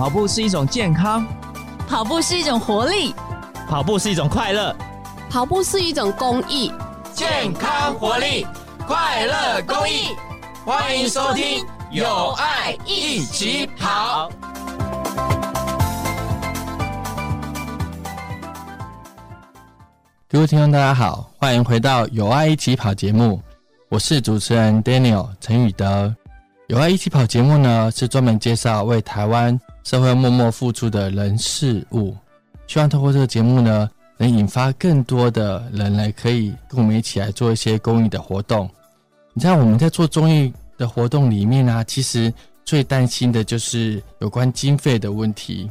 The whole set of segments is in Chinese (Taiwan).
跑步是一種健康，跑步是一種活力，跑步是一種快樂，跑步是一種公益。健康、活力、快樂、公益，歡迎收聽《有愛益起跑》。各位聽眾，大家好，歡迎回到《有愛益起跑》節目，我是主持人 Daniel 陳宇德。《有愛益起跑》節目呢，是專門介紹為台灣社會默默付出的人事物，希望透過這個節目呢，能引發更多的人來可以跟我們一起來做一些公益的活動。你知道我們在做公益的活動裡面啊，其實最擔心的就是有關經費的問題，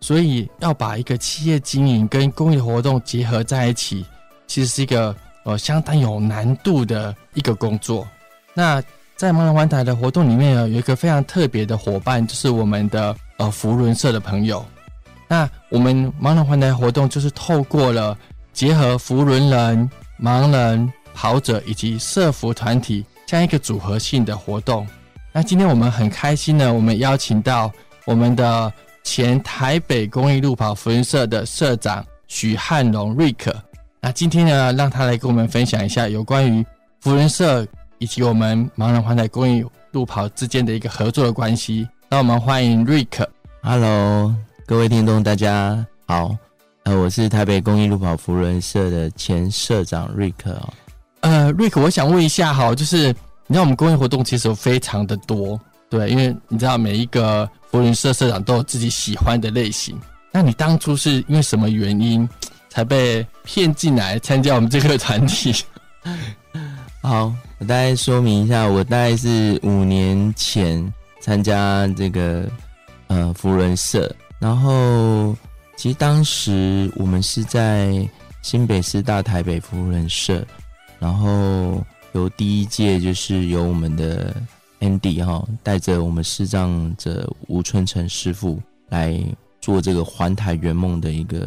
所以要把一個企業經營跟公益活動結合在一起，其實是一個呃相當有難度的一個工作。那。.在盲人環台的活動裡面呢，有一個非常特別的夥伴，就是我們的呃扶輪社的朋友。那我們盲人環台活動就是透過了結合扶輪人，人、盲人、跑者以及社福團體這樣一個組合性的活動。那今天我們很開心呢，我們邀請到我們的前台北公益路跑扶輪社的社長許漢隆 Rick。那今天呢，讓他來跟我們分享一下有關於扶輪社。以及我們盲人環台公益路跑之間的一個合作的關係，那我們歡迎瑞克。Hello，各位聽眾，大家好。呃，我是台北公益路跑務人社的前社長瑞克。呃，瑞 k 我想問一下，哈，就是你知道我們公益活動其實非常的多，對，因為你知道每一個務人社社長都有自己喜歡的類型。那你當初是因為什麼原因才被騙進來參加我們這個團體？ 好。我大概說明一下，我大概是五年前參加這個呃，扶輪社。然後其實當時我們是在新北市大台北扶輪社，然後由第一屆就是由我們的 Andy 哈、哦、帶着我們視障者吳春成師傅來做這個環台圓夢的一個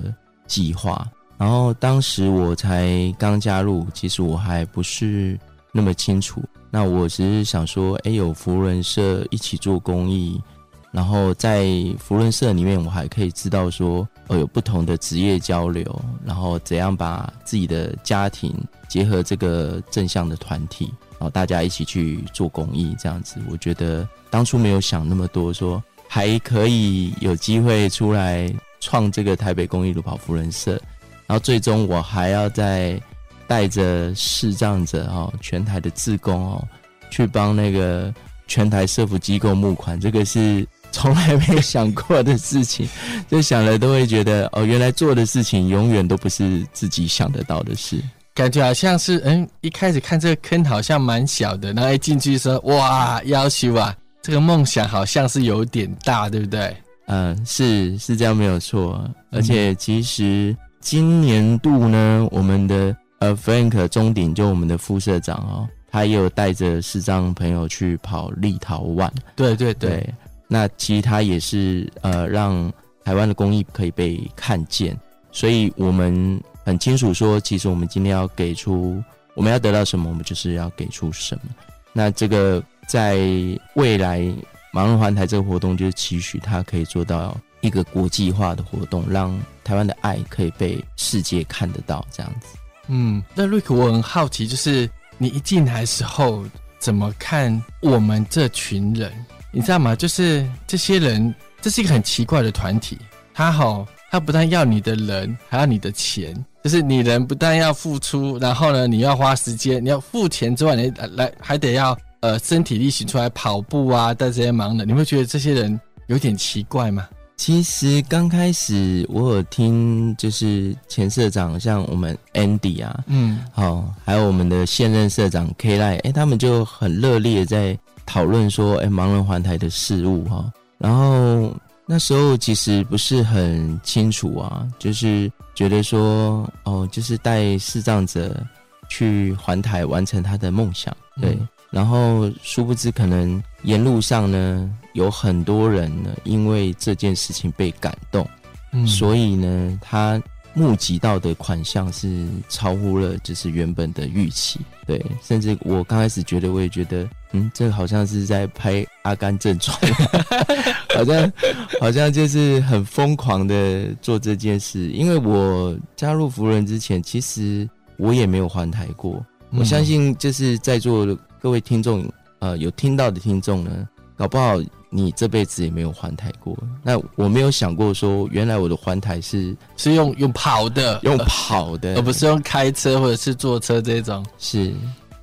計劃。然後當時我才剛加入，其實我還不是。那麼清楚，那我只是想說，哎，有扶輪社一起做公益，然後在扶輪社裡面，我還可以知道說，哦，有不同的職業交流，然後怎樣把自己的家庭結合這個正向的團體，然後大家一起去做公益，這樣子，我覺得當初沒有想那麼多說，說還可以有機會出來創這個台北公益路跑扶輪社，然後最終我還要在。帶着視障者哦，全台的志工哦，去幫那個全台社福機構募款，這個是從來沒有想過的事情，就想了都會覺得哦，原來做的事情永遠都不是自己想得到的事，感覺好像是，嗯，一開始看這個坑好像蠻小的，然後一進去說，哇，要求啊，這個夢想好像是有點大，對不對？嗯，是是這樣沒有錯，嗯、而且其實今年度呢，我們的。呃、uh,，Frank 中鼎就我們的副社長哦，他也有帶着視障朋友去跑立陶宛，對對對，對。那其實他也是呃，讓台灣的公益可以被看見。所以我們很清楚說，其實我們今天要給出我們要得到什麼，我們就是要給出什麼。那這個在未來盲人環台這個活動，就是期許他可以做到一個國際化的活動，讓台灣的愛可以被世界看得到這樣子。嗯，那瑞克，我很好奇，就是你一進來的時候怎麼看我們這群人？你知道嗎？就是這些人，這是一個很奇怪的團體。他好、哦，他不但要你的人，還要你的錢。就是你人不但要付出，然後呢，你要花時間，你要付錢之外，你來還得要呃身體力行出來跑步啊，帶這些忙的。你會覺得這些人有點奇怪嗎？其實剛開始我有聽，就是前社長像我們 Andy 啊，嗯，好、喔，還有我們的現任社長 Kyle，哎、欸，他們就很熱烈在討論說，哎、欸，盲人環台的事物哈、啊。然後那時候其實不是很清楚啊，就是覺得說，哦、喔，就是帶視障者去環台完成他的夢想，對。嗯、然後殊不知可能。沿路上呢，有很多人呢，因為這件事情被感動，嗯、所以呢，他募集到的款項是超乎了就是原本的預期，對，甚至我剛開始覺得，我也覺得，嗯，這個、好像是在拍《阿甘正傳》， 好像好像就是很瘋狂的做這件事，因為我加入扶輪之前，其實我也沒有還台環臺過，嗯、我相信就是在座各位聽眾。呃，有聽到的聽眾呢，搞不好你這輩子也沒有環台過。那我沒有想過說，原來我的環台是是用用跑的，用，用跑的，呃，而不是用開車或者是坐車這種。是，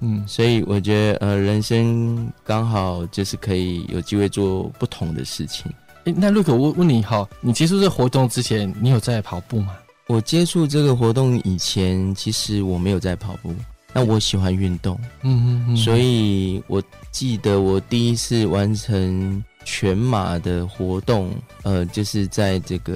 嗯，所以我覺得呃，人生剛好就是可以有機會做不同的事情。誒，欸，那陸可，我問你，哈，你接觸這個活動之前，你有在跑步嗎？我接觸這個活動以前，其實我沒有在跑步。那我喜歡運動，嗯嗯嗯，所以我記得我第一次完成全馬的活動，呃，就是在這個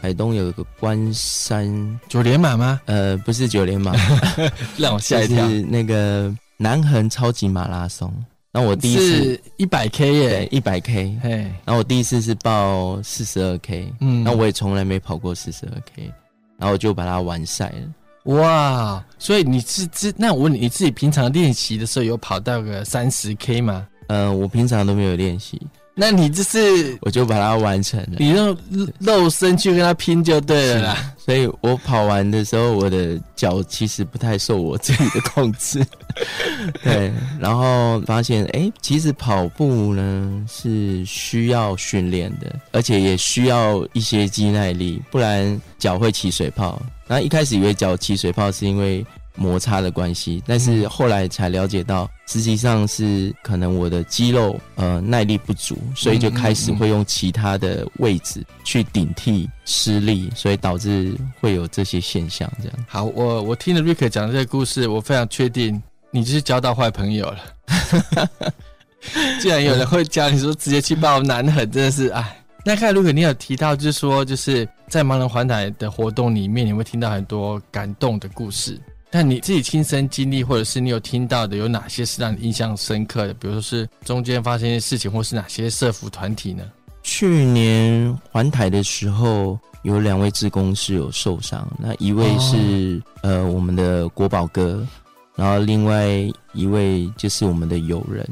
海東有一個關山，九連馬嗎？呃，不是九連馬、馬， 讓我嚇一跳。就是那個南橫超級馬拉松，那我第一次一百 K 耶，一百 K，Hey 然後我第一次是報四十二 K，嗯，那我也從來沒跑過四十二 K，然後我就把它完賽了。哇，所以你自自那我問你，你自己平常練習的時候有跑到個三十 K 嗎？呃，我平常都沒有練習。那你就是，我就把它完成了。你用肉身去跟他拼就對了啦。是所以我跑完的時候，我的腳其實不太受我自己的控制。 對，然後發現，哎、欸，其實跑步呢是需要訓練的，而且也需要一些肌耐力，不然腳會起水泡。然後一開始以為腳起水泡是因為。摩擦的關係，但是後來才了解到，實際上是可能我的肌肉呃耐力不足，所以就開始會用其他的位置去頂替施力，所以導致會有這些現象。這樣好，我我聽了 Rick 講這個故事，我非常確定你就是交到壞朋友了。哈哈哈，既然，有人會教你說直接去抱，難得很，真的是哎。那看如果你有提到，就是說就是在盲人環台的活動裡面，你會聽到很多感動的故事。那你自己親身經歷，或者是你有聽到的，有哪些是讓你印象深刻的？比如說是中間發生的事情，或是哪些社服團體呢？去年環台的時候，有兩位志工是有受傷，那一位是、哦、呃我們的國寶哥，然後另外一位就是我們的友人。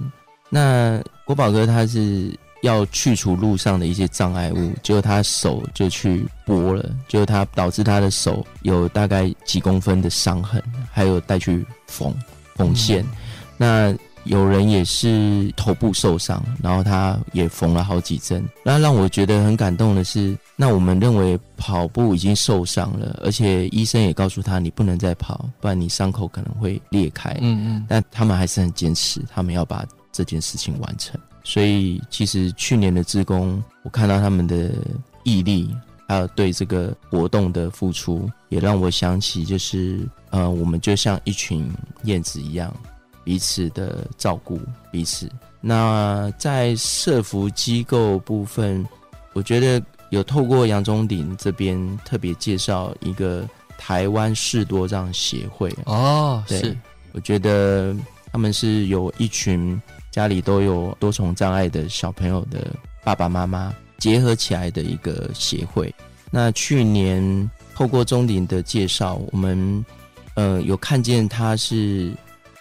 那國寶哥他是。要去除路上的一些障礙物，結果他手就去撥了，結果他導致他的手有大概幾公分的傷痕，還有帶去縫縫線。嗯嗯，那有人也是頭部受傷，然後他也縫了好幾針。那讓我覺得很感動的是，那我們認為跑步已經受傷了，而且醫生也告訴他你不能再跑，不然你傷口可能會裂開。嗯嗯，但他們還是很堅持，他們要把這件事情完成。所以，其實去年的志工，我看到他們的毅力，還有對這個活動的付出，也讓我想起，就是呃，我們就像一群燕子一樣，彼此的照顧彼此。那在社福機構部分，我覺得有透過楊宗鼎這邊特別介紹一個台灣士多障協會哦，對是，我覺得他們是有一群。家裡都有多重障礙的小朋友的爸爸媽媽結合起來的一個協會。那去年透過鍾鼎的介紹，我們呃有看見他是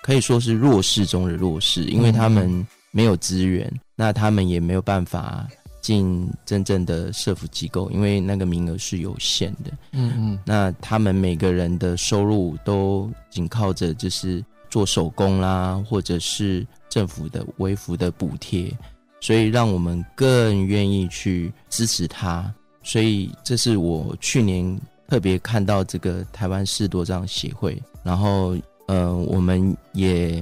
可以說是弱勢中的弱勢，因為他們沒有資源，嗯嗯嗯。那他們也沒有辦法進真正的社福機構，因為那個名額是有限的。嗯嗯，那他們每個人的收入都僅靠着就是做手工啦，或者是。政府的微幅的補貼，所以讓我們更願意去支持他。所以這是我去年特別看到這個台灣士多障協會，然後呃，我們也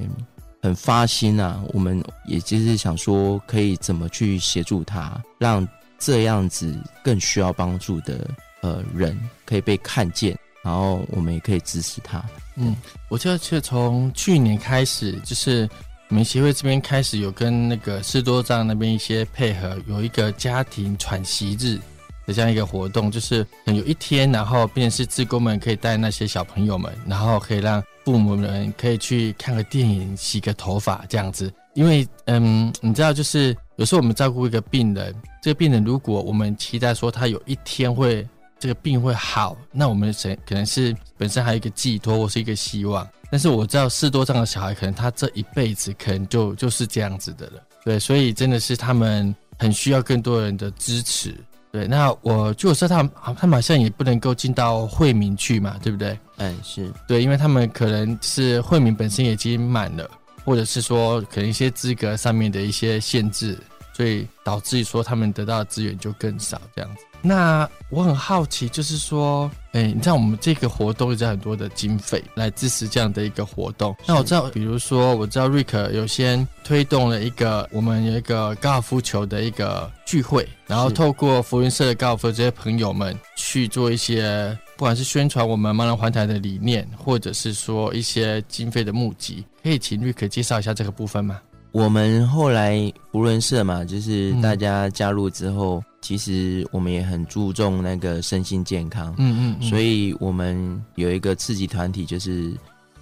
很發心啊，我們也就是想說可以怎麼去協助他，讓這樣子更需要幫助的呃人可以被看見，然後我們也可以支持他。嗯，我就是從去年開始就是。我們協會這邊開始有跟那個士多站那邊一些配合，有一個家庭喘息日的這樣一個活動，就是有一天，然後便是志工們可以帶那些小朋友們，然後可以讓父母們可以去看個電影、洗個頭髮這樣子。因為，嗯，你知道，就是有時候我們照顧一個病人，這個病人如果我們期待說他有一天會這個病會好，那我們誰，可能是本身還有一個寄託或是一個希望。但是我知道視多障的小孩，可能他這一輩子可能就就是這樣子的了，對，所以真的是他們很需要更多人的支持，對。那我就是說他們，他們好像也不能夠進到惠民去嘛，對不對？嗯，是對，因為他們可能是惠民本身已經滿了，或者是說可能一些資格上面的一些限制。所以導致說他們得到的資源就更少，這樣子。那我很好奇，就是說，哎、欸，你知道我們這個活動有在很多的經費來支持這樣的一個活動。是那我知道，比如說，我知道瑞克有先推動了一個，我們有一個高爾夫球的一個聚會，然後透過扶輪社的高爾夫這些朋友們去做一些，不管是宣傳我們盲人環台的理念，或者是說一些經費的募集，可以請瑞克介紹一下這個部分嗎？我們後來扶輪社嘛，就是大家加入之後，嗯、其實我們也很注重那個身心健康。嗯，嗯嗯，所以我們有一個刺激團體，就是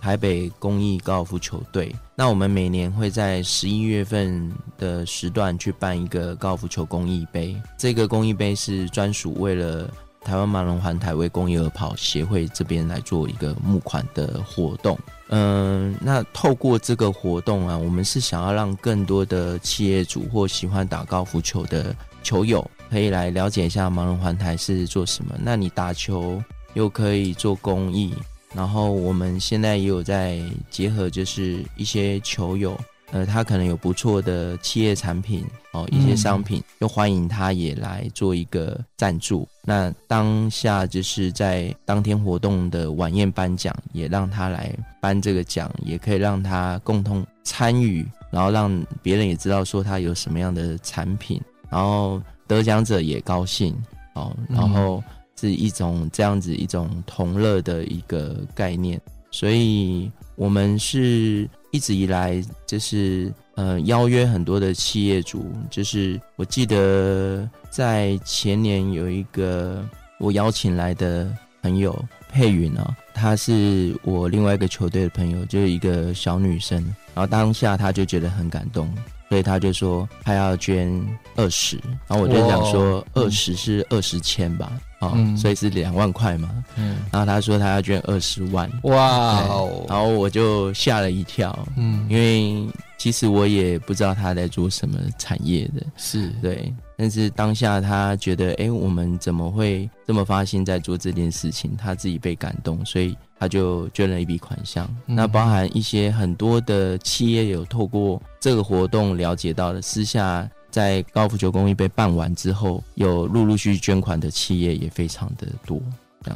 台北公益高爾夫球隊。那我們每年會在十一月份的時段去辦一個高爾夫球公益杯。這個公益杯是專屬為了。台灣盲人環台為公益而跑協會這邊來做一個募款的活動，嗯，那透過這個活動啊，我們是想要讓更多的企業主或喜歡打高爾夫球的球友，可以來了解一下盲人環台是做什麼。那你打球又可以做公益，然後我們現在也有在結合，就是一些球友。呃，他可能有不錯的企業產品哦，一些商品，嗯、就歡迎他也來做一個贊助。那當下就是在當天活動的晚宴頒獎，也讓他來頒這個獎，也可以讓他共同參與，然後讓別人也知道說他有什麼樣的產品，然後得獎者也高興哦，然後是一種、嗯、這樣子一種同樂的一個概念，所以我們是。一直以來，就是呃，邀約很多的企業主。就是我記得在前年有一個我邀請來的朋友佩雲啊，她是我另外一個球隊的朋友，就是一個小女生。然後當下她就覺得很感動，所以她就說她要捐二十。然後我就想說二十是二十千吧。哦、所以是兩萬塊嘛，嗯，然後他說他要捐二十萬，哇 Wow，然後我就嚇了一跳，嗯，因為其實我也不知道他在做什麼產業的，是對，但是當下他覺得，哎、欸，我們怎麼會這麼發心在做這件事情，他自己被感動，所以他就捐了一筆款項，嗯、那包含一些很多的企業有透過這個活動了解到的，私下。在高爾夫球公益盃辦完之後，有陸陸續續捐款的企業也非常的多。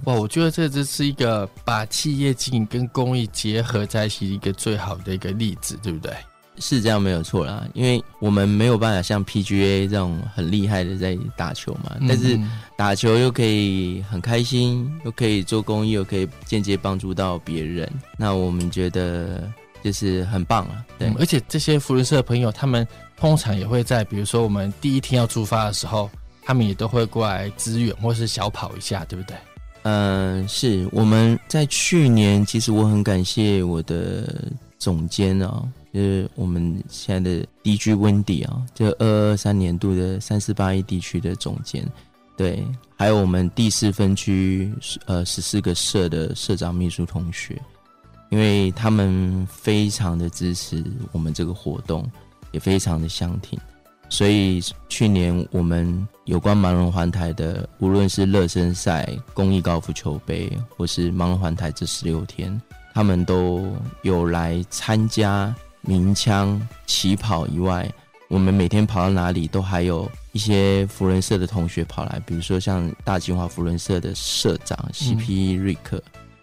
哇，我覺得這只是一個把企業經營跟公益結合在一起一個最好的一個例子，對不對？是這樣沒有錯啦，因為我們沒有辦法像 PGA 這種很厲害的在打球嘛，嗯、哼但是打球又可以很開心，又可以做公益，又可以間接幫助到別人。那我們覺得就是很棒了、啊，對、嗯。而且這些扶輪社的朋友他們。通常也會在，比如說我們第一天要出發的時候，他們也都會過來支援，或是小跑一下，對不對？嗯、呃，是我們在去年，其實我很感謝我的總監啊、哦，就是我們現在的 DG Wendy 啊、哦，這二二三年度的三四八一地區的總監，對，還有我們第四分區呃十四個社的社長秘書同學，因為他們非常的支持我們這個活動。也非常的相挺，所以去年我們有關盲人環台的，無論是熱身賽、公益高爾夫球杯，或是盲人環台這十六天，他們都有來參加鳴槍起跑以外，我們每天跑到哪裡，都還有一些扶輪社的同學跑來，比如說像大金華扶輪社的社長 C.P. Rick，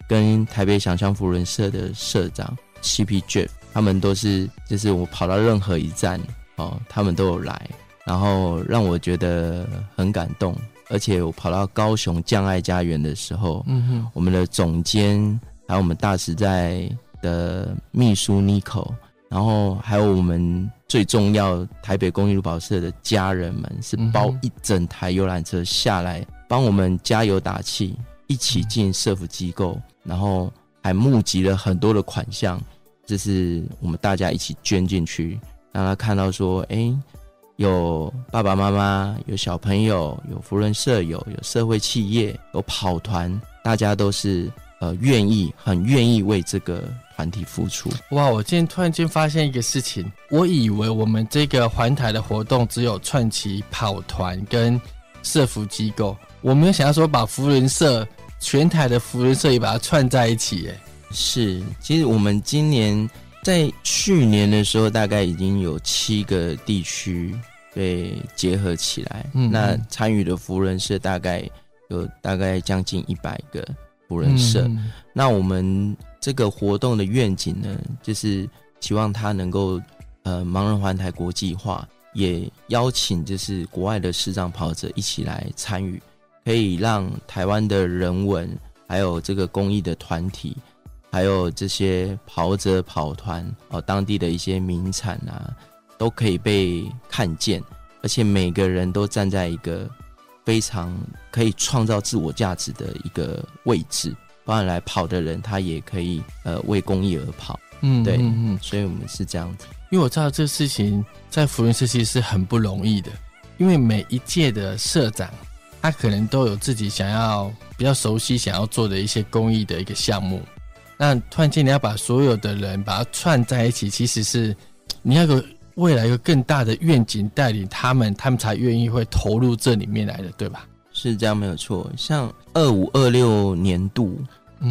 跟台北想象扶輪社的社長 C.P. Jeff。他們都是，就是我跑到任何一站哦，他們都有來，然後讓我覺得很感動。而且我跑到高雄將愛家園的時候，嗯哼，我們的總監還有我們大時代的秘書 Nico，然後還有我們最重要台北公益路跑社的家人們，是包一整台遊覽車下來幫、嗯、哼我們加油打氣，一起進社福機構，嗯、哼然後還募集了很多的款項。這是我們大家一起捐進去，讓他看到說，哎，有爸爸媽媽，有小朋友，有扶輪社友，有社會企業，有跑團，大家都是呃願意，很願意為這個團體付出。哇！我今天突然間發現一個事情，我以為我們這個環台的活動只有串起跑團跟社福機構，我沒有想到說把扶輪社全台的扶輪社也把它串在一起，哎。是，其實我們今年在去年的時候，大概已經有七個地區被結合起來，嗯嗯那參與的扶輪社大概有大概將近一百個扶輪社。嗯嗯那我們這個活動的願景呢，就是希望它能夠呃，盲人環台國際化，也邀請就是國外的視障跑者一起來參與，可以讓台灣的人文還有這個公益的團體。還有這些跑者跑團哦，當地的一些名產啊，都可以被看見，而且每個人都站在一個非常可以創造自我價值的一個位置。當然，來跑的人他也可以呃為公益而跑，嗯，對，嗯，所以我們是這樣子。因為我知道這個事情在扶輪社其實是很不容易的，因為每一屆的社長他可能都有自己想要比較熟悉，想要做的一些公益的一個項目。那突然間，你要把所有的人把它串在一起，其實是你要有個未來有更大的願景帶領他們，他們才願意會投入這裡面來的，對吧？是這樣，沒有錯。像二五二六年度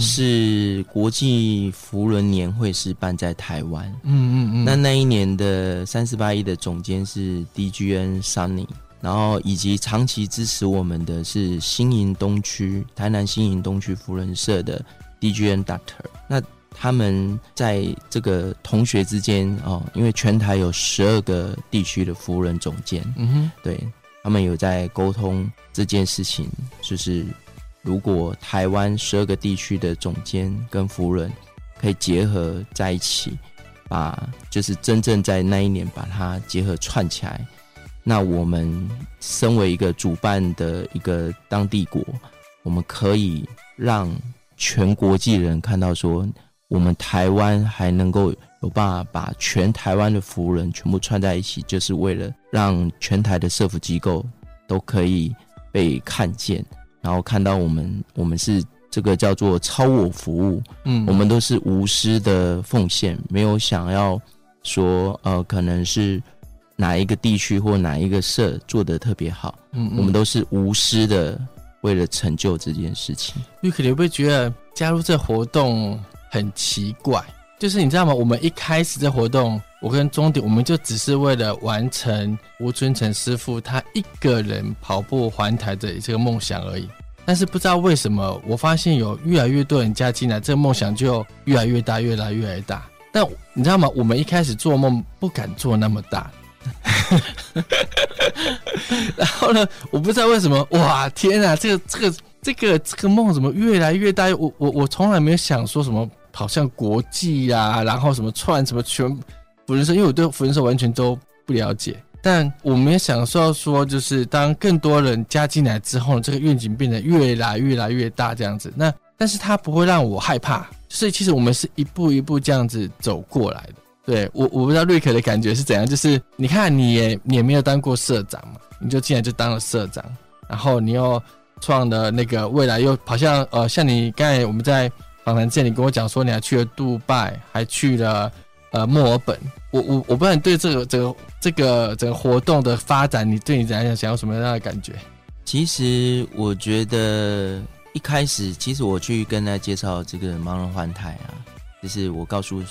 是國際扶輪年會是辦在台灣，嗯嗯嗯。那那一年的三四八一的總監是 DGN Sunny，然後以及長期支持我們的是新營東區台南新營東區扶輪社的。DGN Doctor，那他們在這個同學之間哦，因為全台有十二個地區的扶輪人總監，嗯哼，對，他們有在溝通這件事情，就是如果台灣十二個地區的總監跟扶輪人可以結合在一起，把就是真正在那一年把它結合串起來，那我們身為一個主辦的一個當地國，我們可以讓。全國際人看到說，我們台灣還能夠有辦法把全台灣的服務人全部串在一起，就是為了讓全台的社福機構都可以被看見，然後看到我們，我們是這個叫做超我服務，嗯、嗯，我們都是無私的奉獻，沒有想要說，呃，可能是哪一個地區或哪一個社做得特別好，嗯、嗯，我們都是無私的。為了成就這件事情，你可能會覺得加入這活動很奇怪，就是你知道嗎？我們一開始這活動，我跟鍾鼎，我們就只是為了完成吳尊成師傅他一個人跑步環台的這個夢想而已。但是不知道為什麼，我發現有越來越多人加進來，這個夢想就越來越大，越來越來大。但你知道嗎？我們一開始做夢不敢做那麼大。 然後呢，我不知道為什麼哇！天啊這個、這個、這個、這個夢怎麼越來越大。我、我、我從來沒有想說什麼跑向國際呀、啊，然後什麼串什麼全扶輪社，因為我對扶輪社完全都不了解，但我沒有想說說就是當更多人加進來之後呢，這個願景變得越來越來越大這樣子。那但是它不會讓我害怕，所以其實我們是一步一步這樣子走過來的。對我我不知道瑞克的感覺是怎樣，就是你看你也你也沒有當過社長嘛，你就進來就當了社長，然後你又創了那個未來，又好像呃像你剛才我們在訪談間，你跟我講說你還去了杜拜，還去了呃墨爾本，我我我不然對這個這個這個整個活動的發展，你對你來講想要什麼樣的感覺？其實我覺得一開始，其實我去跟大家介紹這個盲人環台啊，就是我告訴。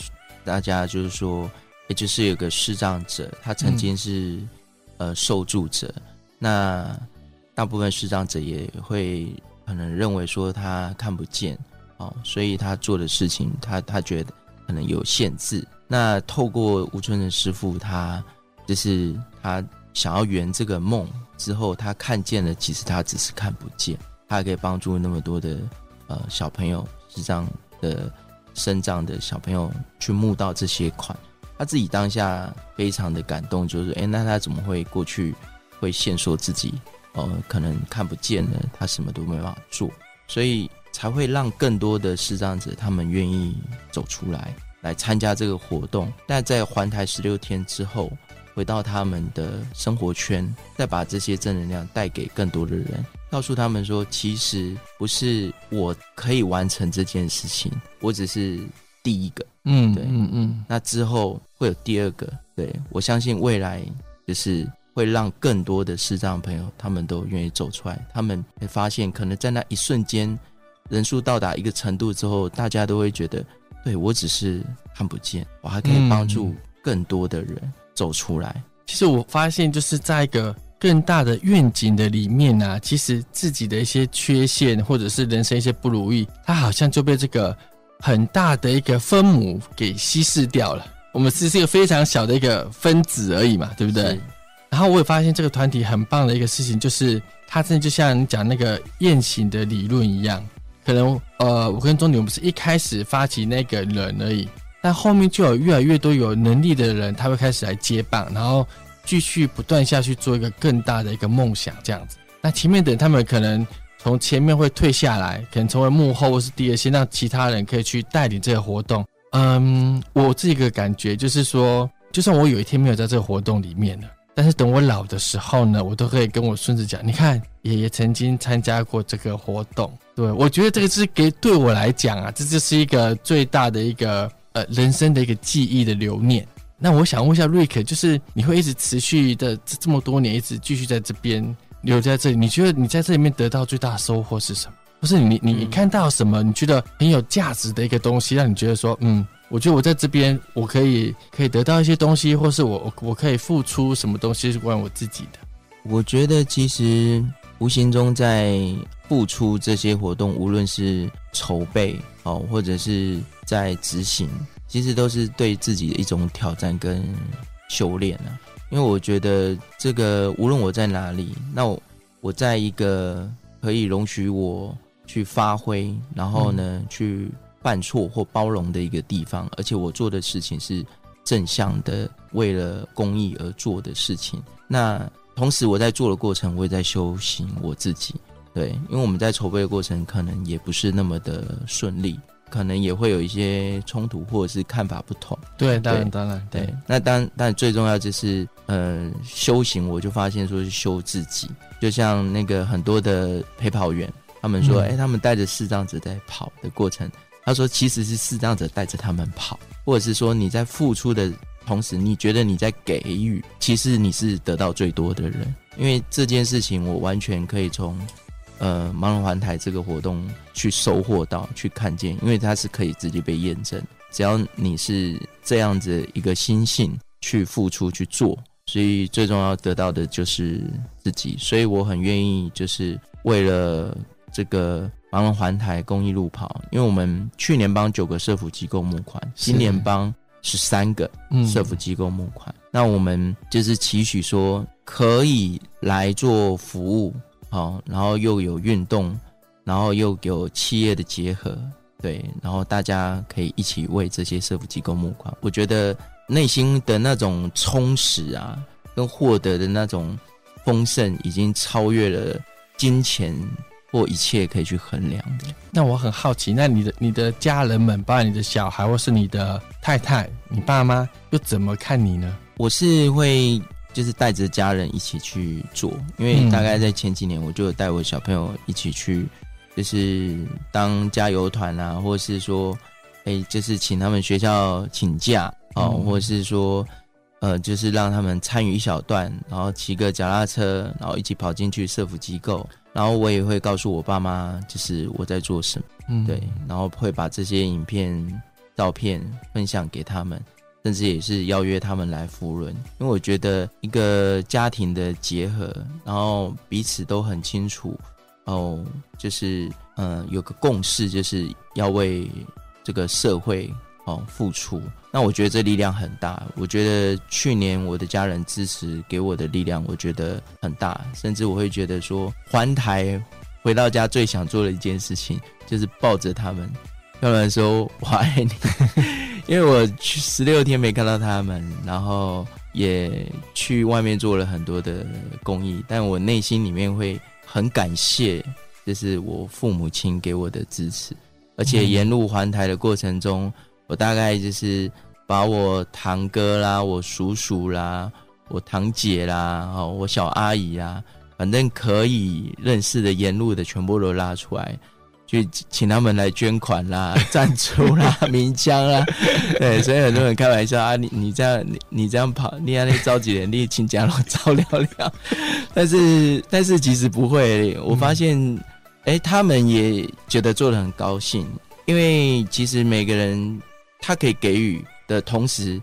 大家就是說，也、欸、就是有個視障者，他曾經是、嗯、呃受助者。那大部分視障者也會可能認為說他看不見，哦，所以他做的事情，他他覺得可能有限制。那透過吳春的師傅，他就是他想要圓這個夢之後，他看見了，其實他只是看不見，他可以幫助那麼多的呃小朋友是這樣的。生長的小朋友去募到這些款，他自己當下非常的感動，就是誒，那他怎麼會過去會限縮自己？呃、哦，可能看不見了，他什麼都沒辦法做，所以才會讓更多的視障者，他們願意走出來，來參加這個活動。那在環台十六天之後，回到他們的生活圈，再把這些正能量帶給更多的人。告訴他們說，其實不是我可以完成這件事情，我只是第一個，嗯，對，嗯嗯，嗯，那之後會有第二個，對，我相信未來就是會讓更多的視障朋友他們都願意走出來，他們會發現，可能在那一瞬間，人數到達一個程度之後，大家都會覺得，對，我只是看不見，我還可以幫助更多的人走出來。嗯，其實我發現，就是在一個。更大的願景的裡面呢、啊，其實自己的一些缺陷或者是人生一些不如意，他好像就被這個很大的一個分母給稀釋掉了。我們只是一個非常小的一個分子而已嘛，對不對？是然後我也發現這個團體很棒的一個事情，就是它真的就像你講那個雁行的理論一樣，可能呃，我跟鍾女我們是一開始發起那個人而已，但後面就有越來越多有能力的人，他會開始來接棒，然後。繼續不斷下去，做一個更大的一個夢想，這樣子。那前面等他們可能從前面會退下來，可能成為幕後或是第二線，讓其他人可以去帶領這個活動。嗯，我自己的感覺就是說，就算我有一天沒有在這個活動裡面了，但是等我老的時候呢，我都可以跟我孫子講，你看爺爺曾經參加過這個活動。對，我覺得這個是給對我來講啊，這就是一個最大的一個呃人生的一個記憶的留念。那我想問一下瑞克，就是你會一直持續的這這麼多年，一直繼續在這邊留在這裡。你覺得你在這裡面得到最大的收穫是什麼？不是你你你看到什麼？你覺得很有價值的一個東西，讓你覺得說，嗯，我覺得我在這邊我可以可以得到一些東西，或是我我可以付出什麼東西是關於我自己的？我覺得其實無形中在付出這些活動，無論是籌備哦，或者是在執行。其實都是對自己的一種挑戰跟修煉啊，因為我覺得這個無論我在哪裡，那我我在一個可以容許我去發揮，然後呢、嗯、去犯錯或包容的一個地方，而且我做的事情是正向的，為了公益而做的事情。那同時我在做的過程，我也在修行我自己。對，因為我們在籌備的過程，可能也不是那麼的順利。可能也會有一些衝突，或者是看法不同。對，對，當然，當然，對。對，那當，但最重要就是，呃，修行，我就發現說是修自己。就像那個很多的陪跑員，他們說，哎、嗯欸，他們帶着視障者，在跑的過程，他說其實是視障者帶着他們跑，或者是說你在付出的同時，你覺得你在給予，其實你是得到最多的人，因為這件事情，我完全可以從。呃、嗯，盲人環台這個活動去收穫到、去看見，因為它是可以直接被驗證。只要你是這樣子一個心性去付出、去做，所以最重要得到的就是自己。所以我很願意，就是為了這個盲人環台公益路跑，因為我們去年幫九個社福機構募款，的今年幫十三個社福機構募款。嗯、那我們就是期許說，可以來做服務。好，然後又有運動，然後又有企業的結合，對，然後大家可以一起為這些社福機構募款。我覺得內心的那種充實啊，跟獲得的那種豐盛，已經超越了金錢或一切可以去衡量的。那我很好奇，那你的你的家人們，包括你的小孩或是你的太太、你爸媽，又怎麼看你呢？我是會。就是帶着家人一起去做，因為大概在前幾年，我就有帶我小朋友一起去，就是當加油團啊，或者是說，誒、欸，就是請他們學校請假啊、哦，或者是說，呃，就是讓他們參與一小段，然後騎個腳踏車，然後一起跑進去社福機構，然後我也會告訴我爸媽，就是我在做什麼，嗯、對，然後會把這些影片、照片分享給他們。甚至也是邀約他們來扶輪，因為我覺得一個家庭的結合，然後彼此都很清楚，哦，就是嗯有個共識，就是要為這個社會哦付出。那我覺得這力量很大。我覺得去年我的家人支持給我的力量，我覺得很大。甚至我會覺得說，環台回到家最想做的一件事情，就是抱着他們，要不然說“我愛、欸、你 ”。因為我去十六天沒看到他們，然後也去外面做了很多的公益，但我內心裡面會很感謝，這是我父母親給我的支持。而且沿路環台的過程中，我大概就是把我堂哥啦、我叔叔啦、我堂姐啦、哦，我小阿姨啦，反正可以認識的沿路的全部都拉出來。去請他們來捐款啦、贊助啦、鳴槍 啦，對，所以很多人開玩笑啊，你你這樣你你這樣跑，你啊那召集人，你請嘉龍照料，料。聊。但是但是其實不會，我發現，哎、嗯欸，他們也覺得做得很高興，因為其實每個人他可以給予的同時，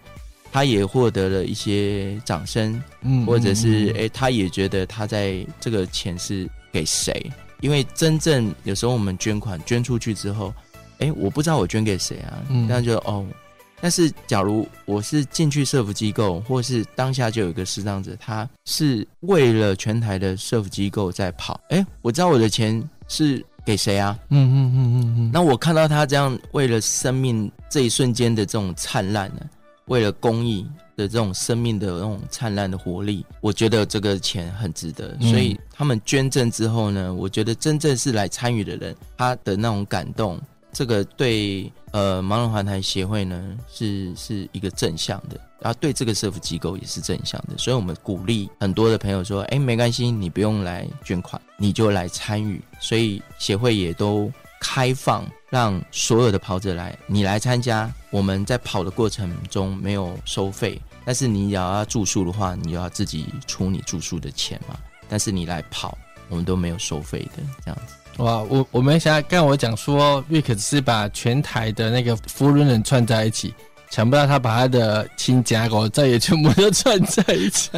他也獲得了一些掌聲，嗯，或者是哎、欸，他也覺得他在這個錢是給誰。因為真正有時候我們捐款捐出去之後，哎、欸，我不知道我捐給誰啊？那、嗯、就哦，但是假如我是進去社福機構，或是當下就有一個視障者，他是為了全台的社福機構在跑，哎、欸，我知道我的錢是給誰啊？嗯嗯嗯嗯嗯，那、嗯嗯嗯嗯、我看到他這樣為了生命這一瞬間的這種燦爛呢，為了公益。的這種生命的那種燦爛的活力，我覺得這個錢很值得。嗯、所以他們捐贈之後呢，我覺得真正是來參與的人，他的那種感動，這個對呃盲人環台協會呢是是一個正向的，然後，啊，對這個社福機構也是正向的。所以我們鼓勵很多的朋友說：“誒、欸，沒關係，你不用來捐款，你就來參與。”所以協會也都開放，讓所有的跑者來，你來參加。我們在跑的過程中沒有收費。但是你也要，要住宿的話，你要自己出你住宿的錢嘛。但是你來跑，我們都沒有收費的這樣子。哇，我我們想剛才我講說，瑞克是把全台的那個扶輪人串在一起，想不到他把他的親家狗再也全部都串在一起、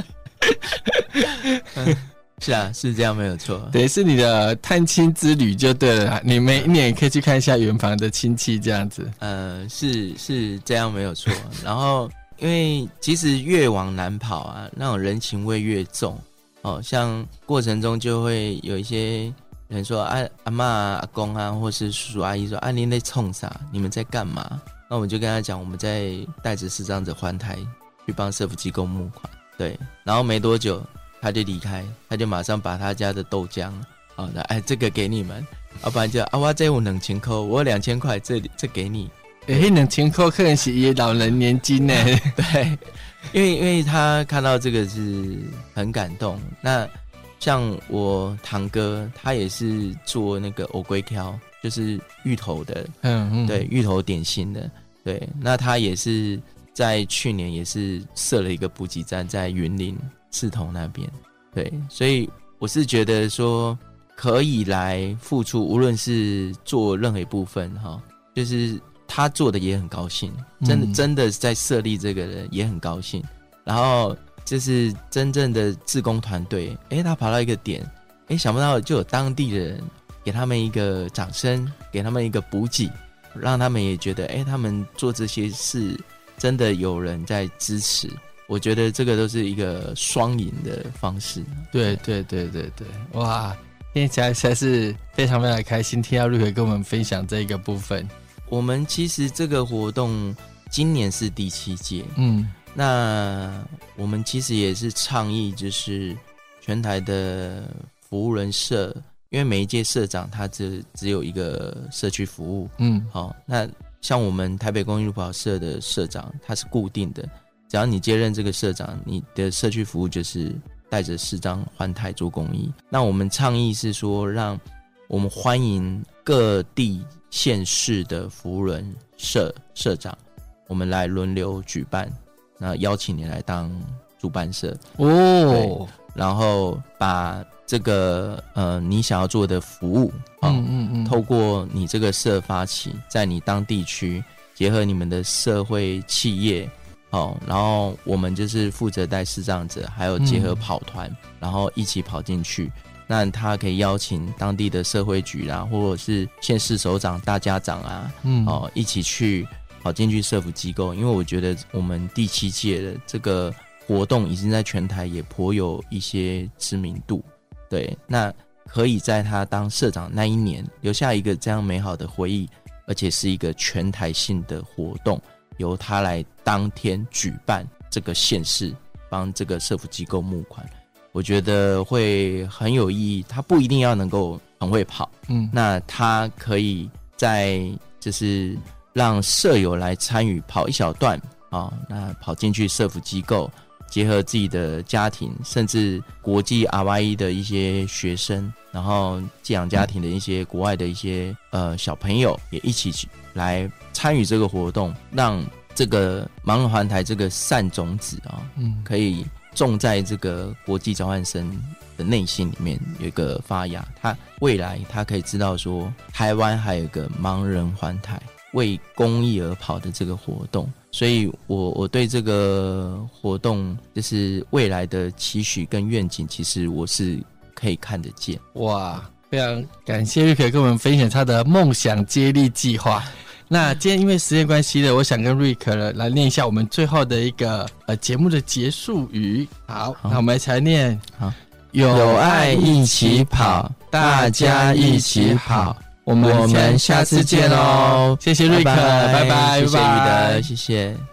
嗯。是啊，是這樣沒有錯，等於是你的探親之旅就對了，你每一年也可以去看一下遠房的親戚這樣子。嗯，是是這樣沒有錯，然後。因為其實越往南跑啊，那種人情味越重哦，像過程中就會有一些人說啊，阿嬤阿公啊，或是叔叔阿姨說啊，你在衝啥？你們在幹嘛？那我們就跟他講，我們在帶着視障者環台去幫社福機構募款，對。然後沒多久他就離開，他就馬上把他家的豆漿啊、哦，哎，這個給你們，要不然就啊，哇，這我冷錢扣，我兩千塊，這這給你。誒，欸、能聽客客人洗衣，老人年金呢、嗯？對，因為因為他看到這個是很感動。那像我堂哥，他也是做那個偶龜挑，就是芋頭的，嗯嗯，嗯，對，芋頭點心的，對。那他也是在去年也是設了一個補給站在，在雲林刺桐那邊。對，所以我是覺得說可以來付出，無論是做任何一部分哈，就是。他做的也很高興，真的真的在設立這個人也很高興。嗯、然後這是真正的志工團隊，哎，他跑到一個點，哎，想不到就有當地人給他們一個掌聲，給他們一個補給，讓他們也覺得，哎，他們做這些事真的有人在支持。我覺得這個都是一個雙贏的方式。對對對對對，對對對對哇！現在才才是非常非常開心，聽到 Rick 跟我們分享這一個部分。我們其實這個活動今年是第七屆，嗯，那我們其實也是倡議，就是全台的扶輪社，因為每一屆社長他只只有一個社區服務，嗯，好、哦，那像我們台北公益路跑社的社長，他是固定的，只要你接任這個社長，你的社區服務就是帶着視障環台做公益。那我們倡議是說，讓我們歡迎。各地縣市的服務人社社長，我們來輪流舉辦，那邀請你來當主辦社哦，然後把這個呃你想要做的服務，哦、嗯嗯嗯，透過你這個社發起，在你當地區結合你們的社會企業，好、哦，然後我們就是負責帶視障者，還有結合跑團，嗯、然後一起跑進去。那他可以邀請當地的社會局啦、啊，或者是縣市首長、大家長啊，嗯、哦，一起去跑進去社福機構，因為我覺得我們第七屆的這個活動已經在全台也頗有一些知名度。對，那可以在他當社長那一年留下一個這樣美好的回憶，而且是一個全台性的活動，由他來當天舉辦這個縣市，幫這個社福機構募款。我覺得會很有意義。他不一定要能夠很會跑，嗯，那他可以在就是讓社友來參與跑一小段啊、哦，那跑進去社福機構，結合自己的家庭，甚至國際阿 Y E 的一些學生，然後寄養家庭的一些、嗯、國外的一些呃小朋友，也一起去來參與這個活動，讓這個盲人環台這個善種子啊，哦、嗯，可以。種在這個國際交換生的內心裡面有一個發芽，他未來他可以知道說，台灣還有一個盲人環台為公益而跑的這個活動，所以我我對這個活動就是未來的期許跟願景，其實我是可以看得見。哇，非常感謝 Rick 跟我們分享他的夢想接力計劃。那今天因為時間關係呢，我想跟瑞克來念一下我們最後的一個呃節目的結束語。好，好，那我們一起來才念。好，有愛一起跑，起跑大家一起跑，我們下次見嘍。謝謝瑞克，拜拜。拜拜，謝謝雨德，謝謝。